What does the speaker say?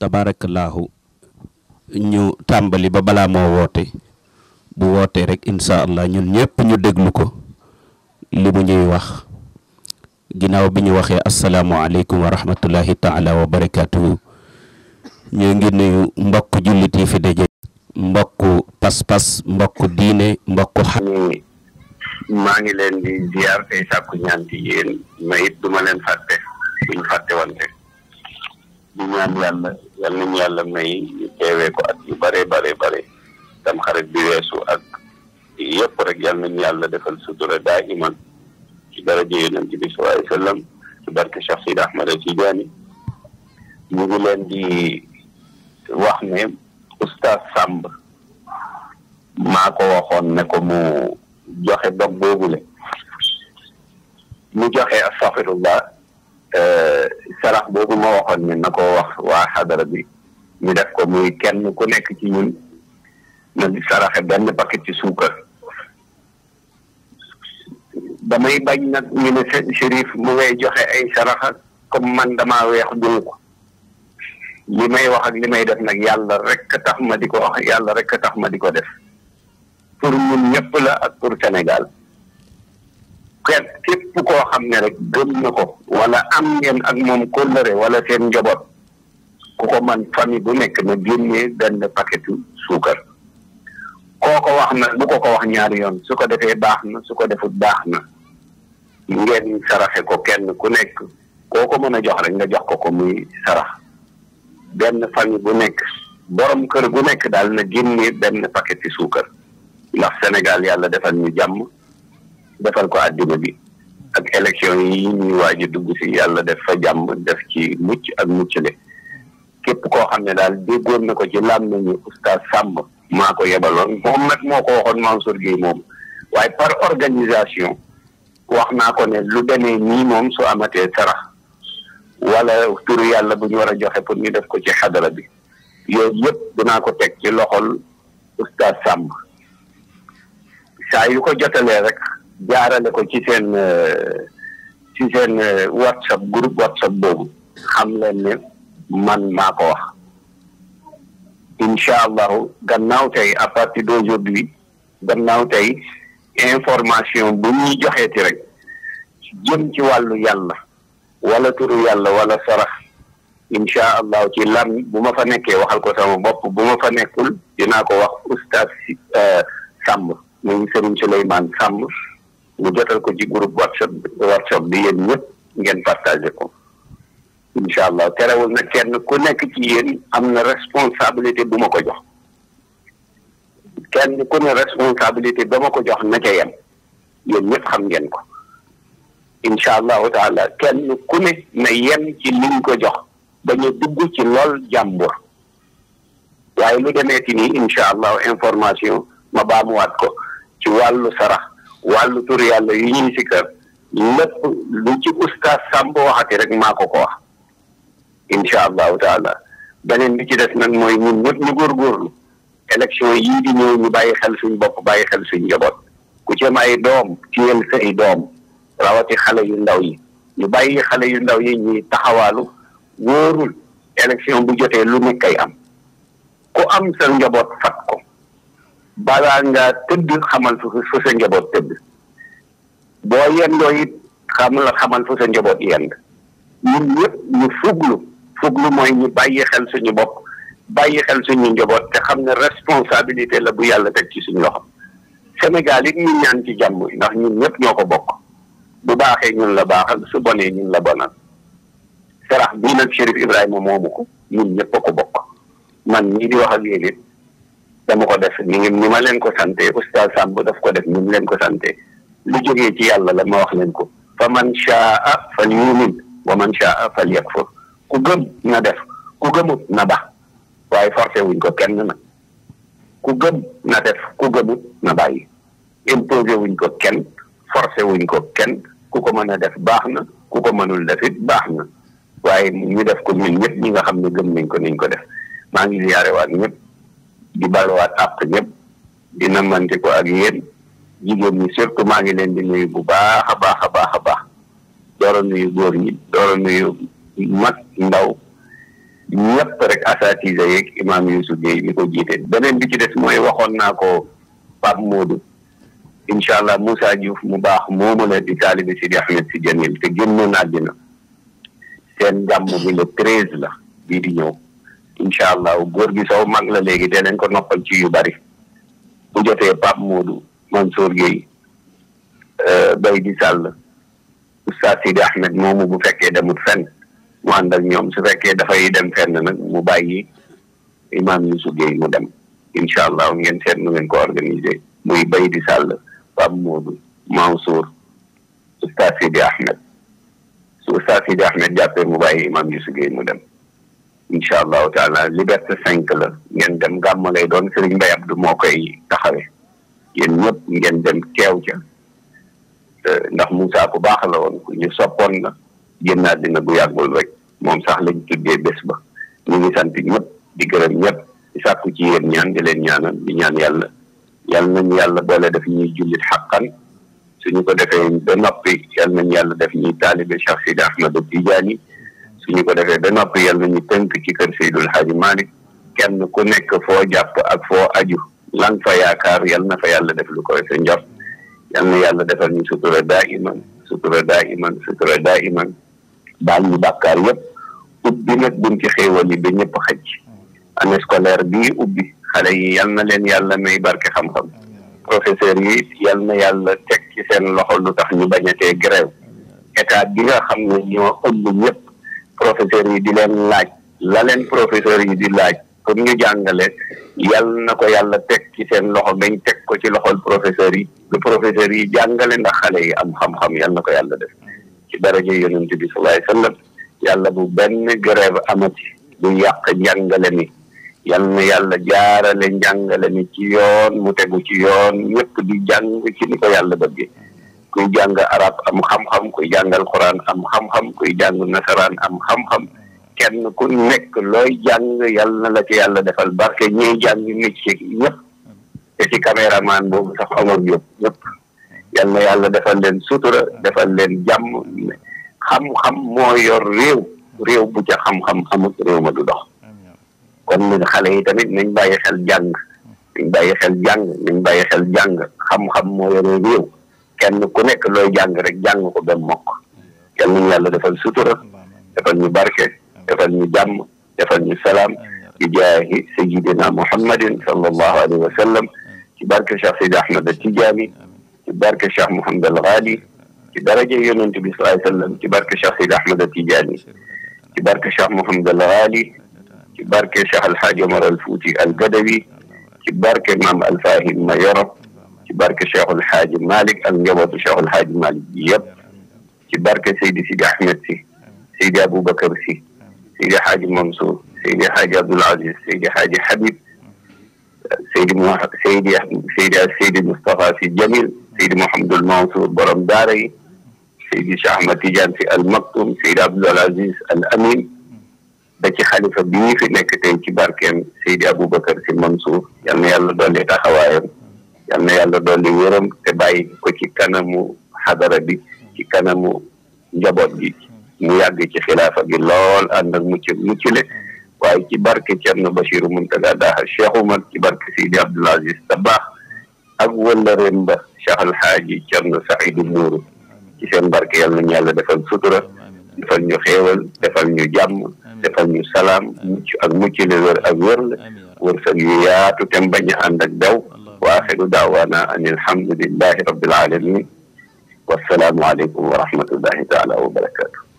tabaarakallaahu ñu tàmbali ba balaa moo woote bu wootee rek incha allah ñun ñëpp ñu déglu ko li mu ñuy wax ginnaaw bi ñu waxee asalaamualeykum wa rahmatullahi taala wa barakaatuhu ngi nuyu mbokk jullit yi fi daje mbokk pas-pas mbokk diine mbokk xam maa ngi leen di ziar tey sàkku ñaan ci yéen ma leen fàtte buñ fàtte wante di ñaan yàlla yal nañu yàlla may ñu ko at yu bare bare bare tam xarit bi weesu ak yëpp rek yal nañu yàlla defal sutura daayiman ci daraja yonent bi sallallahu alayhi wa sallam ci barke Cheikh Sidi Ahmada Tidiane ñu ngi leen di wax ne oustaz Samb maa ko waxoon ne ko mu joxe dog boobule mu joxe astaghfirullah sarax boobu ma waxoon ni na ko wax waa xadara bi mu def ko muy kenn ku nekk ci ñun na di saraxe benn paquet ci suukar damay bañ nag ñu ne Chérif mu ngay joxe ay saraxa comme man dama weex dul ko li may wax ak li may def nag yàlla rek tax ma di ko wax yàlla rek tax ma di ko def pour ñun ñëpp la ak pour Sénégal. képp képp koo xam ne rek gëm na ko wala am ngeen ak moom kóllëre wala seen njaboot ku ko man famille bu nekk na génnee benn paquetu suukar koo ko wax na bu ko ko wax ñaari yoon su ko defee baax na su ko defut baax na ngeen saraxe ko kenn ku nekk koo ko mën a jox rek nga jox ko ko muy sarax benn famille bu nekk boroom kër gu nekk daal na génnee benn paquet ci suukar ndax Sénégal yàlla defal nu jàmm defal ko àddina bi ak élection yi ñuy waaj dugg si yàlla def fa jàmm def ci mucc ak mucc le képp koo xam ne daal déggoon na ko ci lam nañu oustaz Samb maa ko yebaloon moom nag moo ko waxoon Mansour Gueye moom waaye par organisation wax naa ko ne lu demee nii moom su amatee sarax wala turu yàlla bu ñu war a joxe pour ñu def ko ci xadara bi yooyu yëpp dinaa ko teg ci loxol oustaz sàmb saa yu ko jotalee rek jaarale ko ci seen eh, ci seen eh, whatsapp group whatsapp boobu xam leen ne man maa ko wax incha allahu gannaaw tey à doo d'aujourd'hui gannaaw tey information bu ñuy joxeeti rek jëm ci wàllu yàlla wala turu yàlla wala sarax incha allah ci lan bu ma fa nekkee waxal ko sama bopp bu ma fa nekkul dinaa ko wax oustaz eh, Samb muy Serigne Souleymane Samb mu jotal ko ci groupe whatsapp whatsapp bi yéen ñëpp ngeen partagé ko incha allah terewul na kenn ku nekk ci yéen am na responsabilité bu ma ko jox kenn ku ne responsabilité ba ma ko jox na ca yem yéen ñëpp xam ngeen ko incha allah taala kenn ku ne na yem ci liñ ko jox bañ a dugg ci lool jàmbur waaye lu demee ci nii incha allahu information ma baamuwaat ko ci wàllu sarax wàllu tur yàlla yi ñuy sikkar lépp lu ci oustaz Samb waxati rek maa ko ko wax incha allahu taala beneen bi ci des nag mooy ñun ñëpp góor góorgóorlu élection yii di ñëw ñu bàyyi xel suñ bopp bàyyi xel suñ njaboot ku ci am ay doom téyel say doom rawati xale yu ndaw yi ñu bàyyi xale yu ndaw yi ñuy taxawaalu wóorul élection bu jotee lu nekkay am ku am sa njaboot fat balaa ngaa tëdd xamal fu sa njaboot tëdd boo yendoo it xam la xamal fu sa njaboot yend ñun ñëpp ñu fuglu fuglu mooy ñu bàyyi xel suñu bopp bàyyi xel suñu njaboot te xam ne responsabilité la bu yàlla teg ci suñu loxo Sénégal it ñu ñaan ci jàmm ndax ñun ñëpp ñoo ko bokk bu baaxee ñun la baaxal su bonee ñun la bonal sarax bii nag Chérif Ibrahima moomu ko ñun ñëpp ko bokk man ñii di wax ak yéen dama ko def ni ngi ni ma leen ko sante oustaz Samb daf ko def ni mu leen ko sante lu jógee ci yàlla la ma wax leen ko fa man caa fal yumin wa man caa fal yakfur ku gëm na def ku gëmut na bax waaye forcé wuñ ko kenn nag ku gëm na def ku gëmut na bàyyi imposé wuñ ko kenn forcé wuñ ko kenn ku ko mën a def baax na ku ko mënul def it baax na waaye ñu def ko ñun ñëpp ñi nga xam ne gëm nañ ko nañ ko def maa ngi ziyaare waat ñëpp di baluwaat àq ñépp dina mënti ko ak yéen jigéen ñi surtout maa ngi leen di nuyu bu baax a baax a baax a baax doora nuyu góor ñi doora nuyu mag ndaw ñëpp rek asatise yeeg imaam Youssou Gueye mi ko jiite beneen bi ci des mooy waxoon naa ko Pape Modou incha allah Moussa Diouf mu baax moomu la di taalibi Sidi Ahmed si Jamil te génnoon àddina seen gàmm bi le treize la bii di ñëw incha allah góor gi saw mag la léegi dee danañ ko noppal ci yu bari bu jotee Pape Modou Mansour Gueye euh, Bay di Sall Oustaz Sidi Ahmed moomu bu fekkee demut fenn mu ànd ak ñoom su fekkee dafay dem fenn nag mu bàyyi Imam Youssou Gueye mu dem incha allah ngeen seet nu ngeen ko organiser muy Bay di Sall Pape Modou Mansour Oustaz Sidi Ahmed su Oustaz Sidi Ahmed jàppee mu bàyyi Imam Youssou Gueye mu dem. incha allahu taala liberté cinq la ngeen dem gàmm lay doon Serigne Mbaye Abdou moo koy taxawee yéen ñëpp ngeen dem teew ca ndax Moussa ku baax la woon ku ñu soppoon la génn àddina bu yàggul rek moom sax lañ tuddee bés ba ñu ngi sant ñëpp di gërëm ñëpp di sàkku ci yéen ñaan di leen ñaanal di ñaan yàlla yàlla nañu yàlla boole def ñuy jullit xàqan suñu ko defee ba noppi yàlla nañu yàlla def ñuy taalibe Cheikh Sidi Ahmad Tijaani suñu ko defee ba noppi yal ñu tënk ci kër Seydul Haaji Malick kenn ku nekk foo jàpp ak foo aju lan fa yaakaar yal na fa yàlla def lu koy sa njort yal na yàlla defal ñu sutura daa iman sutura daa iman sutura daa iman baal ñu bàkkaar yëpp ubbi nag buñ ci xéewal yi ba ñëpp xaj année scolaire bii ubbi xale yi yal na leen yàlla may barke xam-xam professeur yi yal na yàlla teg ci seen loxo lu tax ñu bañatee grève état bi nga xam ne ñoo ëmb ñëpp professeurs yi di leen laaj la leen professeurs yi di laaj pour ñu jàngale yal na ko yàlla teg ci seen loxo bañ teg ko ci loxol professeurs yi lu professeurs yi jàngale ndax xale yi am xam-xam yal na ko yàlla def ci daraja yonent bi sallallahu alayhi wasallam yàlla bu benn grève amati bu yàq njàngale mi yàlla na yàlla jaarale njàngale mi ci yoon mu tegu ci yoon ñëpp di jàng ci ni ko yàlla bëgge kuy jàng arab am xam-xam kuy jàngal quran am xam kuy jàng nasaraan am xam-xam kenn ku nekk looy jàng yàlla na la ci yàlla defal barke ñuy jàng métier ñëpp te ci caméraman boobu sax Omar Diop ñëpp yàlla yàlla defal leen sutura defal leen jàmm xam-xam moo yor réew réew bu ca xam-xam amut réew ma du dox kon xale yi tamit nañ bàyyi xel jàng nañ bàyyi xel jàng nañ bàyyi xel jàng xam-xam moo yore réew kenn ku nekk looy jàng rek jàng ko ba mokk kenn ñu yàlla defal sutura defal ñu barke defal ñu jàmm defal ñu salaam ci jaahi sayyidina muhammadin sallallahu alayhi wa sallam ci barke Cheikh Seydi Ahmed Tidiane ci barke Cheikh Mouhamed al Ghali ci daraja yonent bi sallallahu alayhi wa sallam ci barke Cheikh Seydi Ahmed Tidiane ci barke Cheikh Mouhamed al Ghali ci barke Cheikh Alhaji Omar al Fouti al Gadawi ci barke maam Alfahim Mayoro ci barke Cheikhul Xaaji Malick ak njabootu Cheikhul Xaaji Malick bi yëpp ci barke Seydi Sidi Ahmed si Seydi Aboubacar si Seydi Xaaji Mansour Seydi Xaaji Abdoul Aziz Seydi Xaaji Habib Seydi mu Seydi Seydi Seydi Moustapha si Jamil Seydi Mouhamadul Mansour borom daara yi Seydi Cheikh Ahmed Tidiane si Al Maktoum Seydi Abdoul Aziz Al Amin ba ci xalifa bi ñu fi nekk tey ci barkeem Seydi Aboubacar si Mansour yal na yàlla dolli taxawaayam yal na yàlla dolli wéram te bàyyi ko ci kanamu xadara bi ci kanamu njaboot gi mu yàgg ci xilaafa agi lool ànd ak mucc mucc le waaye ci barke Cerno Bachiru Muntaga Daha Cheikh Umar ci barke Sidi Abdul Aziz Dabakh ak wëllëreem ba Cheikh Alxaaji Cerno Saidu Nuuru ci seen barke yal nañu yàlla defal sutura defal ñu xéewal defal ñu jàmm defal ñu salaam mucc ak mucc le wér ak wér la wërsëg yu yaatu tem bañ a daw waaxiru daawaana an alhamdulillahi rabbil alamin wassalaamu aleykum wa rahmatullahi taala wa barakatu